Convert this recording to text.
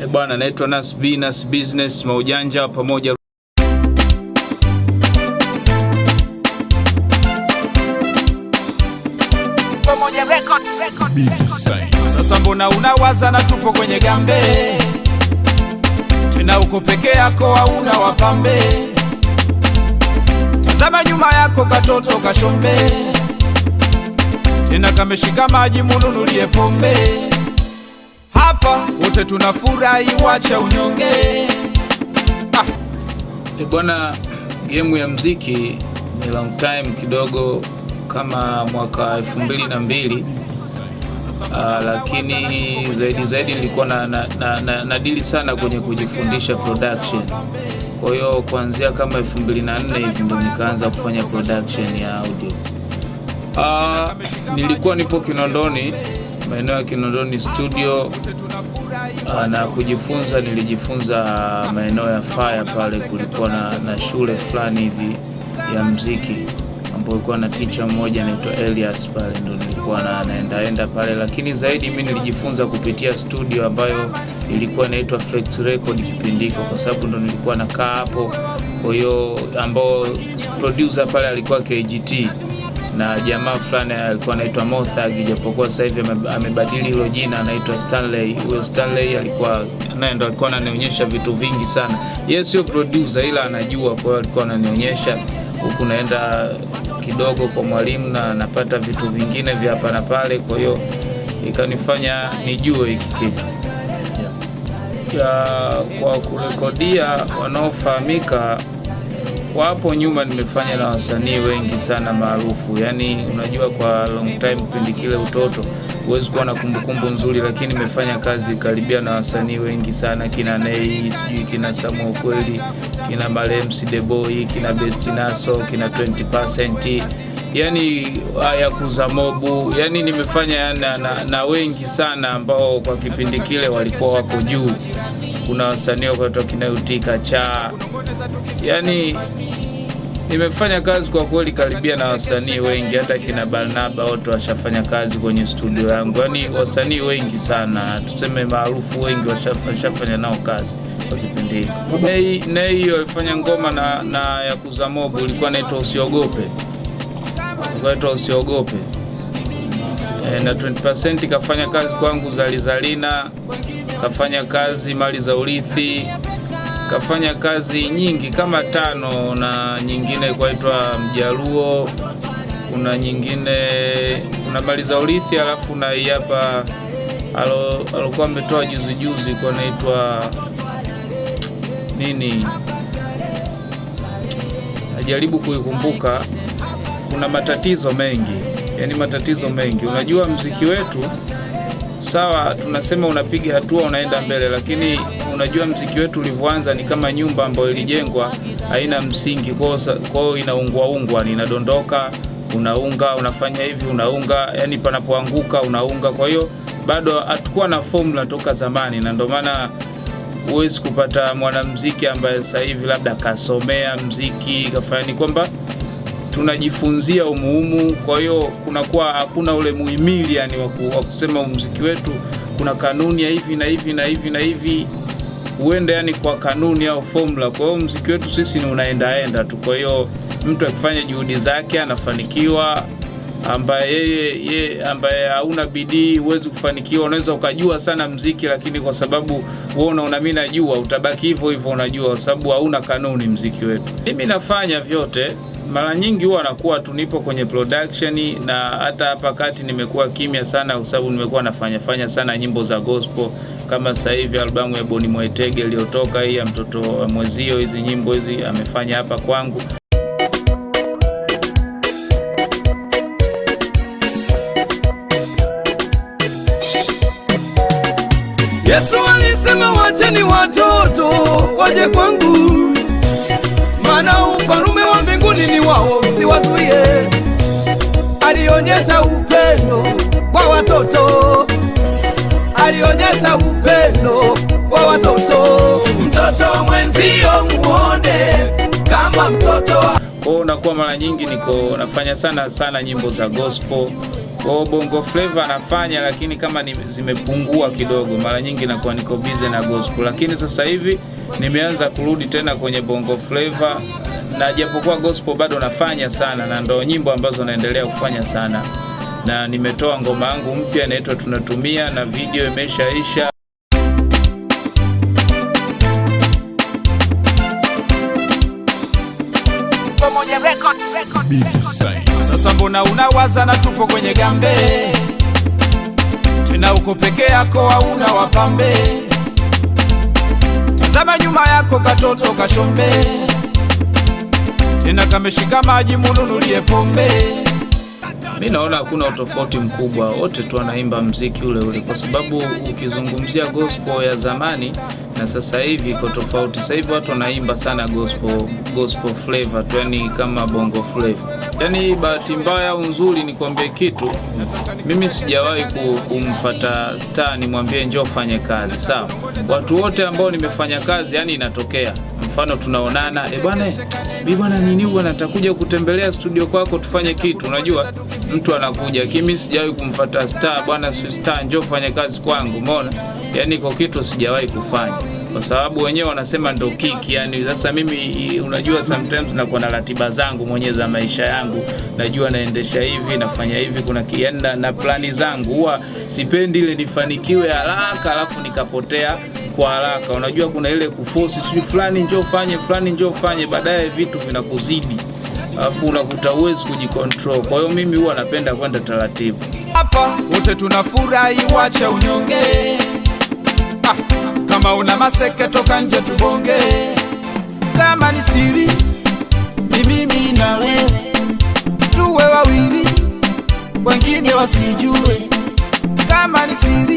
Eh, bwana, naitwa Nas B, Nas Business Maujanja pamoja Sasa mbona unawaza na tupo kwenye gambe tena, uko peke yako, hauna wapambe Tazama nyuma yako katoto kashombe, tena kameshika maji, mununulie pombe. Hapa wote tunafurahi, wacha unyonge. Ah. E bwana, gemu ya mziki ni long time kidogo, kama mwaka elfu mbili na mbili uh, lakini zaidi zaidi nilikuwa na, na, na, na, na dili sana kwenye kujifundisha production. Kwa hiyo kuanzia kama 2004 hivi ndo nikaanza kufanya production ya audio. Uh, nilikuwa nipo Kinondoni, maeneo ya Kinondoni studio ah, na kujifunza, nilijifunza maeneo ya Fire pale, kulikuwa na, na shule fulani hivi ya mziki ambayo ilikuwa na teacher mmoja anaitwa Elias pale, ndo nilikuwa na naendaenda pale, lakini zaidi mimi nilijifunza kupitia studio ambayo ilikuwa inaitwa Flex Record kipindiko, kwa sababu ndo nilikuwa nakaa hapo. Kwa hiyo ambao producer pale alikuwa KGT na jamaa fulani alikuwa anaitwa Mothag, japokuwa sasa hivi amebadili hilo jina, anaitwa Stanley. Huyo Stanley alikuwa naye ndo alikuwa ananionyesha vitu vingi sana. Yeye sio producer, ila anajua, kwa hiyo alikuwa ananionyesha huku naenda kidogo kwa mwalimu na napata vitu vingine vya hapa na pale, kwa hiyo ikanifanya nijue hiki kitu kwa kurekodia. Wanaofahamika wapo nyuma, nimefanya na wasanii wengi sana maarufu, yaani unajua, kwa long time, kipindi kile utoto huwezi kuwa na kumbukumbu nzuri, lakini nimefanya kazi karibia na wasanii wengi sana, kina Nei, sijui kina Samuel Kweli, kina Malems The Boy, kina Naso, kina 20%, yani haya kuza mobu, yani nimefanya na, na, na wengi sana ambao kwa kipindi kile walikuwa wako juu. Kuna wasanii wakatoka kina Utika cha yani Nimefanya kazi kwa kweli karibia na wasanii wengi, hata kina Barnaba wote washafanya kazi kwenye studio yangu, yaani wasanii wengi sana, tuseme maarufu wengi washafanya nao kazi kwa kipindi hiki. Nei walifanya ngoma na, na ya kuzamobu ilikuwa naitwa Usiogope, naitwa Usiogope e, na 20% kafanya kazi kwangu, Zalizalina kafanya kazi mali za urithi kafanya kazi nyingi kama tano, na nyingine kwaitwa Mjaluo, kuna nyingine kuna Mali za Urithi, alafu na hii hapa alikuwa ametoa juzi juzi kwa naitwa nini, najaribu kuikumbuka. Kuna matatizo mengi, yaani matatizo mengi. Unajua mziki wetu sawa, tunasema unapiga hatua, unaenda mbele, lakini unajua mziki wetu ulivyoanza ni kama nyumba ambayo ilijengwa haina msingi, kwa hiyo inaunguaungwa, inadondoka, unaunga, unafanya hivi, unaunga, yani panapoanguka unaunga. Kwa hiyo bado hatukuwa na formula toka zamani, na ndio maana huwezi kupata mwanamziki ambaye sasa hivi labda kasomea mziki kafanya, ni kwamba tunajifunzia umuhimu. Kwa hiyo kunakuwa hakuna ule muhimili yani wa kusema muziki wetu kuna kanuni ya hivi na hivi na hivi na hivi huende yani kwa kanuni au formula. Kwa hiyo mziki wetu sisi ni unaendaenda tu, kwa hiyo mtu akifanya juhudi zake anafanikiwa ambaye yeye ye, ambaye hauna bidii huwezi kufanikiwa. Unaweza ukajua sana mziki, lakini kwa sababu wewe unaona mimi najua, utabaki hivyo hivyo, unajua, kwa sababu hauna kanuni mziki wetu. Mimi nafanya vyote mara nyingi huwa anakuwa tu nipo kwenye production, na hata hapa kati nimekuwa kimya sana, kwa sababu nimekuwa nafanya fanya sana nyimbo za gospel kama sasa hivi albamu ya Boni Mwetege iliyotoka hii ya mtoto mwezio, hizi nyimbo hizi amefanya hapa kwangu. Yesu alisema wacheni watoto waje kwangu maana ufalume wa mbinguni ni wao, msiwazuie. Alionyesha upendo kwa watoto, alionyesha upendo kwa watoto. Mtoto mwenzio muone kama mtoto kwao. Nakuwa mara nyingi niko nafanya sana sana nyimbo za gospel kwao, bongo flava nafanya, lakini kama ni, zimepungua kidogo. Mara nyingi nakuwa niko bize na gospel, lakini sasa hivi nimeanza kurudi tena kwenye bongo flava, na japokuwa gospel bado nafanya sana, na ndo nyimbo ambazo naendelea kufanya sana, na nimetoa ngoma yangu mpya inaitwa Tunatumia na video imeshaisha. Sasa mbona unawaza na tupo kwenye gambe tena, uko peke yako au una wapambe? Tazama nyuma yako katoto kashombe, tena kameshika maji, mununulie pombe. Mi naona hakuna utofauti mkubwa, wote tu wanaimba mziki ule ule, kwa sababu ukizungumzia gospel ya zamani na sasa hivi iko tofauti. Sasa hivi watu wanaimba sana gospel, gospel flavor tu, yani kama bongo flavor. Yani bahati mbaya au nzuri, nikwambie kitu, mimi sijawahi kumfata star nimwambie njoo fanye kazi, sawa. Watu wote ambao nimefanya kazi, yani inatokea mfano tunaonana, e bwana eh, bi bwana nini bwana, natakuja kutembelea studio kwako tufanye kitu. Unajua mtu anakuja, kimi sijawahi kumfata star bwana, si star njoo fanye kazi kwangu, umeona? Yani iko kitu sijawahi kufanya kwa sababu wenyewe wanasema ndo kiki. Yani sasa mimi, unajua sometimes nakuwa na ratiba zangu mwenyewe za maisha yangu, najua naendesha hivi, nafanya hivi, kuna kienda na, plani zangu. Huwa sipendi ile nifanikiwe haraka alafu nikapotea kwa haraka. Unajua kuna ile kufosi, sijui fulani njoo fanye, fulani njoo fanye, baadaye vitu vinakuzidi alafu unakuta uwezi kujikontrol. Kwa hiyo mimi huwa napenda kwenda taratibu. Hapa wote tunafurahi, wacha unyonge ah. Kama una maseke toka nje tubonge, kama ni siri ni mimi na wewe tuwe wawili, wengine wasijue kama ni siri